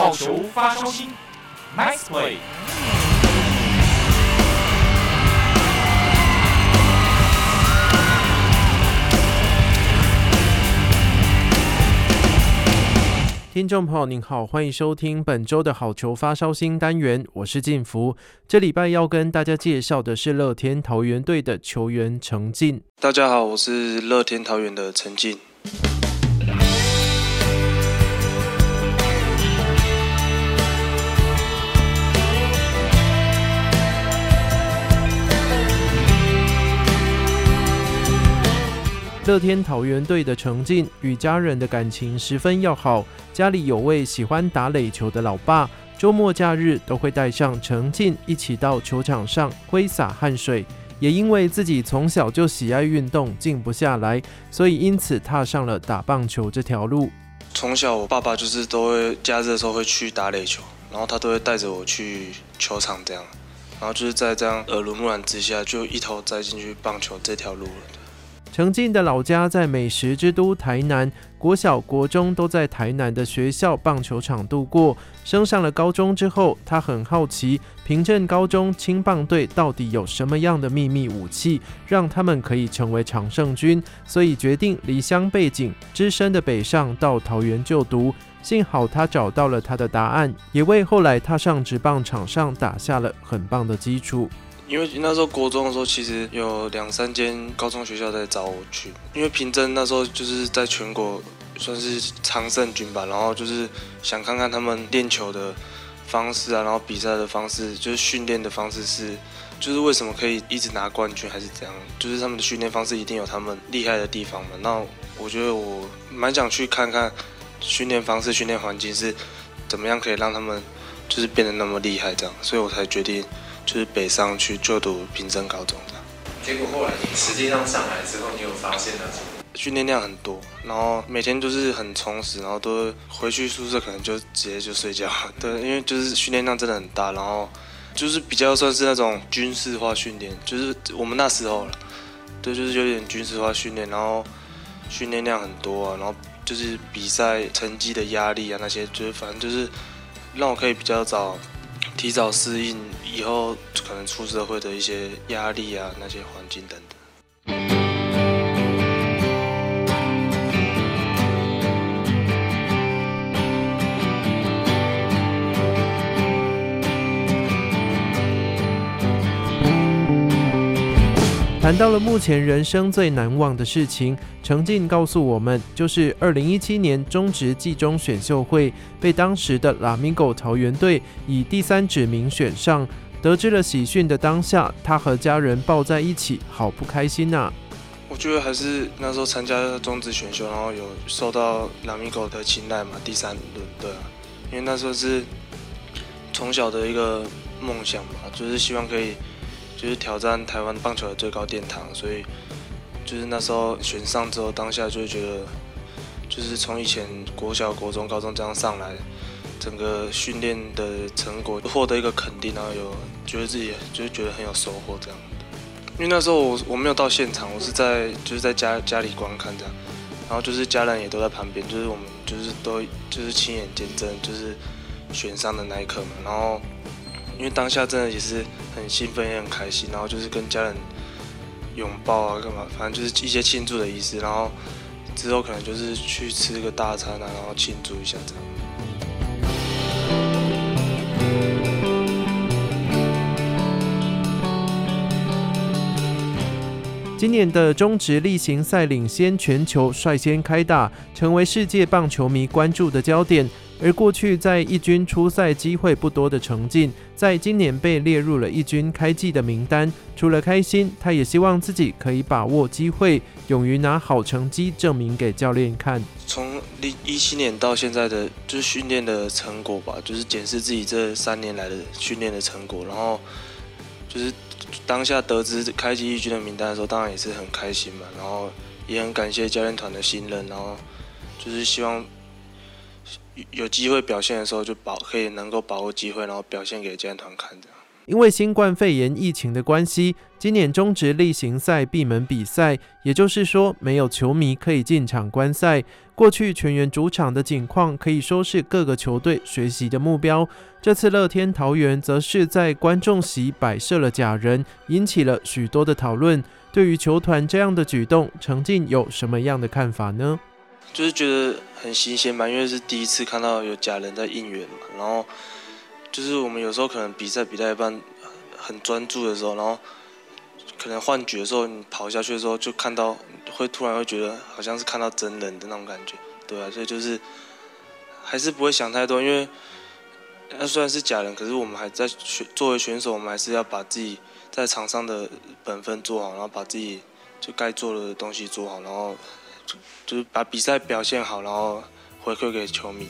好球發燒星，Nice Play。聽眾朋友您好，歡迎收聽本周的好球發燒星單元，我是晉福。這禮拜要跟大家介紹的是樂天桃猿隊的球員成晉。大家好，我是樂天桃猿的成晉。樂天桃猿隊的成晉與家人的感情十分要好，家裡有位喜歡打壘球的老爸，周末假日都會帶上成晉一起到球場上揮灑汗水。也因為自己從小就喜愛運動，靜不下來，所以因此踏上了打棒球這條路。從小我爸爸就是都會假日的時候會去打壘球，然後他都會帶着我去球場這樣，然後就是在這樣耳濡目染之下，就一頭栽進去棒球這條路了。成晉的老家在美食之都台南，國小、國中都在台南的學校棒球場度過。升上了高中之後，他很好奇平鎮高中青棒隊到底有什麼樣的秘密武器，讓他們可以成為常勝軍，所以決定離鄉背井，只身的北上到桃園就讀。幸好他找到了他的答案，也為後來踏上職棒場上打下了很棒的基礎。因為那時候國中的時候，其實有兩三間高中學校在找我去。因為平鎮那時候就是在全國算是常勝軍吧，然後就是想看看他們練球的方式啊，然後比賽的方式，就是訓練的方式是，就是為什麼可以一直拿冠軍，還是怎樣？就是他們的訓練方式一定有他們厲害的地方嘛。那我覺得我蠻想去看看訓練方式、訓練環境是怎麼樣可以讓他們就是變得那麼厲害這樣，所以我才決定。就是北上去就讀平鎮高中的，結果後來你實際上上來之後，你有發現了什麼？訓練量很多，然後每天都是很充實，然後都回去宿舍可能就直接就睡覺。對，因為就是訓練量真的很大，然後就是比較算是那種軍事化訓練，就是我們那時候了，對，就是有點軍事化訓練，然後訓練量很多啊，然後就是比賽成績的壓力啊那些，就是反正就是讓我可以比較早。提早適應以後可能出社會的一些壓力啊，那些環境等等。談到了目前人生最難忘的事情，成晉告訴我們，就是2017年中職季中選秀會被當時的拉米戈桃猿隊以第三指名選上。得知了喜訊的當下，他和家人抱在一起，好不開心吶、啊！我覺得還是那時候參加中職選秀，然後有受到拉米戈的青睞嘛，第三輪對、啊，因為那時候是從小的一個夢想吧，就是希望可以。就是挑戰台灣棒球的最高殿堂，所以就是那時候選上之後，當下就覺得，就是從以前國小、國中、高中這樣上來，整個訓練的成果獲得一個肯定，然後有覺得、就是、自己就是覺得很有收穫這樣。因為那時候我我沒有到現場，我是在就是在家家裡觀看這樣，然後就是家人也都在旁邊，就是我們就是都就是親眼見證就是選上的那一刻嘛，然後。因為當下真的也是很興奮，也很開心，然後就是跟家人擁抱啊，幹嘛，反正就是一些慶祝的意思。然後之後可能就是去吃個大餐啊，然後慶祝一下這樣。今年的中職例行賽領先全球，率先開打，成為世界棒球迷關注的焦點。而過去在一軍出賽機會不多的成晉，在今年被列入了一軍開季的名單。除了開心，他也希望自己可以把握機會，勇於拿好成績證明給教練看。從零一七年到現在的，就是訓練的成果吧，就是檢視自己這三年來的訓練的成果。然後就是當下得知開季一軍的名單的時候，當然也是很開心嘛。然後也很感謝教練團的信任。然後就是希望。有機會表現的時候，就保可以能夠把握機會，然後表現給教練團看這樣。因為新冠肺炎疫情的關係，今年中職例行賽閉門比賽，也就是說沒有球迷可以進場觀賽。過去全猿主場的景況可以說是各個球隊學習的目標。這次樂天桃猿則是在觀眾席擺設了假人，引起了許多的討論。對於球團這樣的舉動，成晉有什麼樣的看法呢？就是覺得很新鮮嘛，因為是第一次看到有假人在應援嘛。然後就是我們有時候可能比賽比賽一般很專注的時候，然後可能換局的時候，你跑下去的時候就看到，會突然會覺得好像是看到真人的那種感覺，對啊。所以就是還是不會想太多，因為那雖然是假人，可是我們還在選作為選手，我們還是要把自己在場上的本分做好，然後把自己就該做的東西做好，然後。就是把比賽表現好，然後回饋給球迷。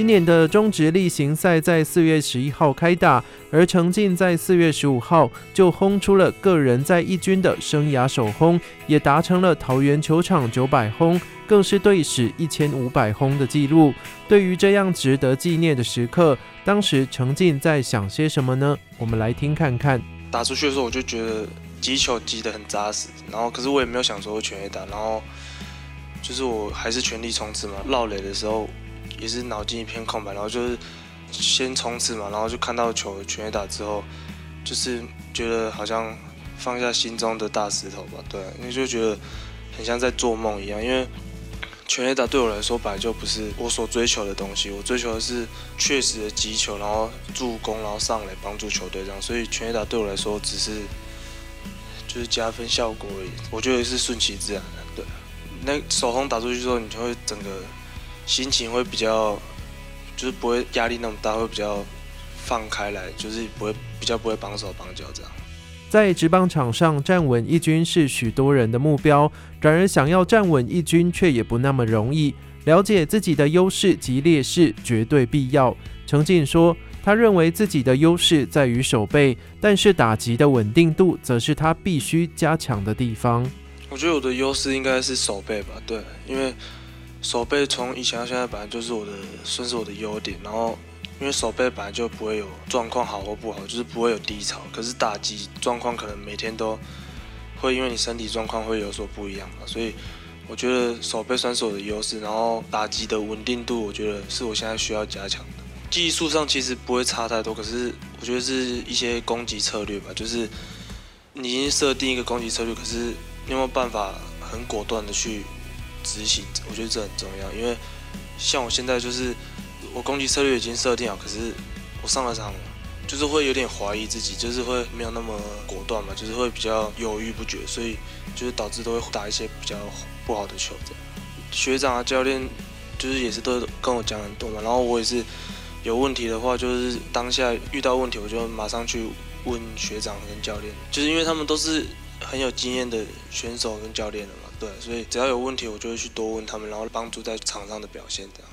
今年的中職例行賽在四月十一號開打，而成晉在四月十五號就轟出了個人在一軍的生涯首轟，也達成了桃園球場九百轟，更是隊史一千五百轟的記錄。對於這樣值得紀念的時刻，當時成晉在想些什麼呢？我們來聽看看。打出去的時候，我就覺得擊球擊得很扎實，然後可是我也沒有想說全壘打，然後就是我還是全力衝刺嘛，落壘的時候。也是腦筋一片空白，然後就是先衝刺嘛，然後就看到球全壘打之後，就是覺得好像放下心中的大石頭吧，對、啊，因為就覺得很像在做夢一樣，因為全壘打對我來說本來就不是我所追求的東西，我追求的是確實的擊球，然後助攻，然後上來幫助球隊這樣，所以全壘打對我來說只是就是加分效果而已，我覺得是順其自然的，對、啊，那手轟打出去之後，你就會整個。心情會比較，就是不會壓力那麼大，會比較放開來，就是不會比較不會綁手綁腳這樣。在職棒場上站穩一軍是許多人的目標，然而想要站穩一軍卻也不那麼容易。了解自己的優勢及劣勢絕對必要。成晉說，他認為自己的優勢在於守備，但是打擊的穩定度則是他必須加強的地方。我覺得我的優勢應該是守備吧，對，因為。守備從以前到現在本來就是我的，算是我的優點。然後，因為守備本來就不會有狀況好或不好，就是不會有低潮。可是打擊狀況可能每天都會，因為你身體狀況會有所不一樣嘛。所以，我覺得守備算是我的優勢。然後打擊的穩定度，我覺得是我現在需要加強的。技術上其實不會差太多，可是我覺得是一些攻擊策略吧。就是你已經設定一個攻擊策略，可是你有沒有辦法很果斷的去執行，我覺得這很重要，因為像我現在就是我攻擊策略已經設定了，可是我上了場，就是會有點懷疑自己，就是會沒有那麼果斷嘛，就是會比較猶豫不決，所以就是導致都會打一些比較不好的球。這樣，學長啊、教練就是也是都跟我講很多嘛，然後我也是有問題的話，就是當下遇到問題我就馬上去問學長跟教練，就是因為他們都是。很有經驗的選手跟教練了嘛，對，所以只要有問題，我就會去多問他們，然後幫助在場上的表現這樣。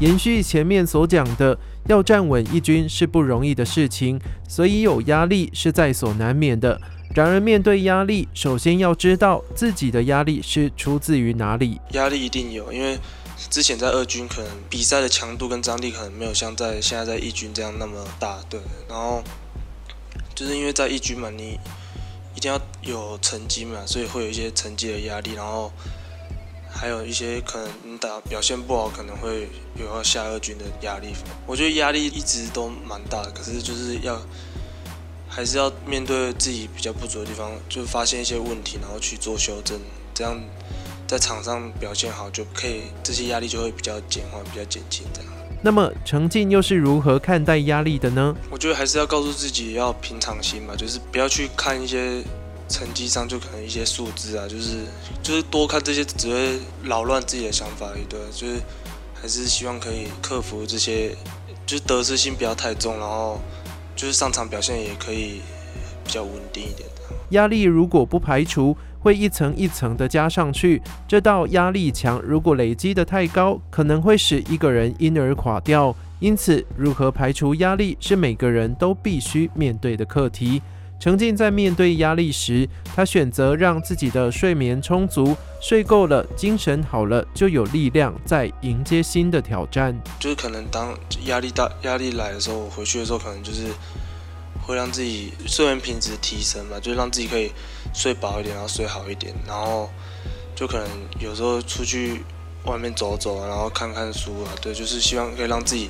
延續前面所講的，要站穩一軍是不容易的事情，所以有壓力是在所難免的。然而，面對壓力，首先要知道自己的壓力是出自於哪裡。壓力一定有，因為之前在二軍可能比賽的強度跟張力可能沒有像在現在在一軍這樣那麼大。對，然後就是因為在一軍嘛，你一定要有成績嘛，所以會有一些成績的壓力。然後還有一些可能你打表現不好，可能會有要下二軍的壓力。我覺得壓力一直都蠻大的，可是就是要。還是要面對自己比較不足的地方，就發現一些問題，然後去做修正，這樣在場上表現好就可以，這些壓力就會比較減緩、比較減輕這樣。那麼，成晉又是如何看待壓力的呢？我覺得還是要告訴自己要平常心嘛，就是不要去看一些成績上就可能一些數字啊，就是就是多看這些只會擾亂自己的想法，對，就是還是希望可以克服這些，就是得失心不要太重，然後。就是上場表現也可以比較穩定一點的。壓力如果不排除，會一層一層的加上去。這道壓力牆如果累積的太高，可能會使一個人因而垮掉。因此，如何排除壓力是每個人都必須面對的課題。成晉在面對壓力時，他選擇讓自己的睡眠充足，睡夠了，精神好了，就有力量再迎接新的挑戰。就是可能當壓力大、壓力來的時候，我回去的時候可能就是會讓自己睡眠品質提升嘛，就讓自己可以睡飽一點，然後睡好一點，然後就可能有時候出去外面走走，然後看看書啊，對，就是希望可以讓自己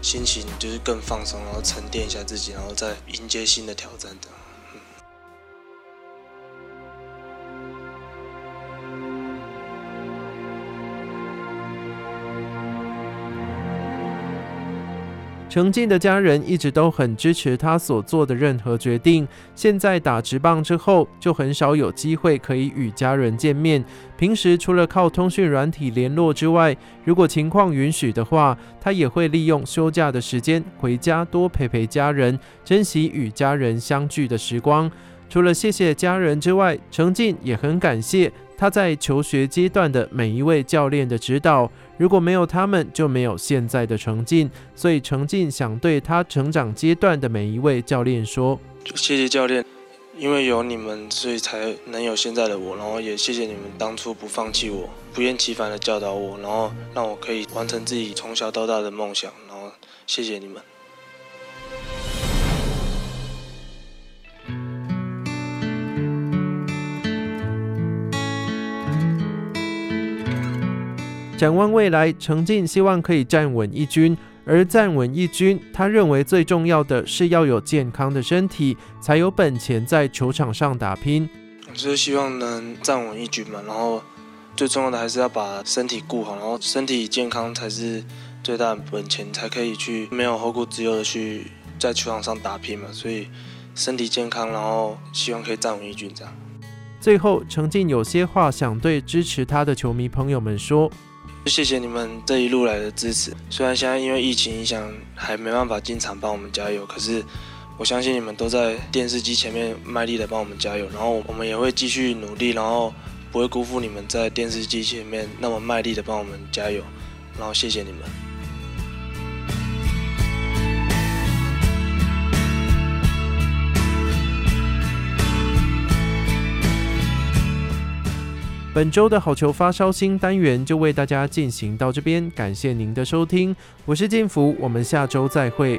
心情就是更放鬆，然後沉澱一下自己，然後再迎接新的挑戰這樣。成晉的家人一直都很支持他所做的任何決定。現在打職棒之後，就很少有機會可以與家人見面。平時除了靠通訊軟體聯絡之外，如果情況允許的話，他也會利用休假的時間回家多陪陪家人，珍惜與家人相聚的時光。除了謝謝家人之外，成晉也很感謝他在求學階段的每一位教練的指導。如果沒有他們，就沒有現在的成晉。所以成晉想對他成長階段的每一位教練說：“謝謝教練，因為有你們，所以才能有現在的我。然後也謝謝你們當初不放棄我，不厭其煩地教導我，然後讓我可以完成自己從小到大的夢想。然後謝謝你們。”展望未來，成晉希望可以站穩一軍，而站穩一軍，他認為最重要的是要有健康的身體，才有本錢在球場上打拼。所以希望能站穩一軍嘛，然後最重要的還是要把身體顧好，然後身體健康才是最大的本錢，才可以去沒有後顧之憂的去在球場上打拼嘛。所以身體健康，然後希望可以站穩一軍這樣。最後，成晉有些話想對支持他的球迷朋友們說。謝謝你們這一路來的支持，雖然現在因為疫情影響還沒辦法進場幫我們加油，可是我相信你們都在電視機前面賣力的幫我們加油，然後我們也會繼續努力，然後不會辜負你們在電視機前面那麼賣力的幫我們加油，然後謝謝你們。本週的好球發燒星單元就為大家進行到這邊，感謝您的收聽，我是建福，我們下周再會。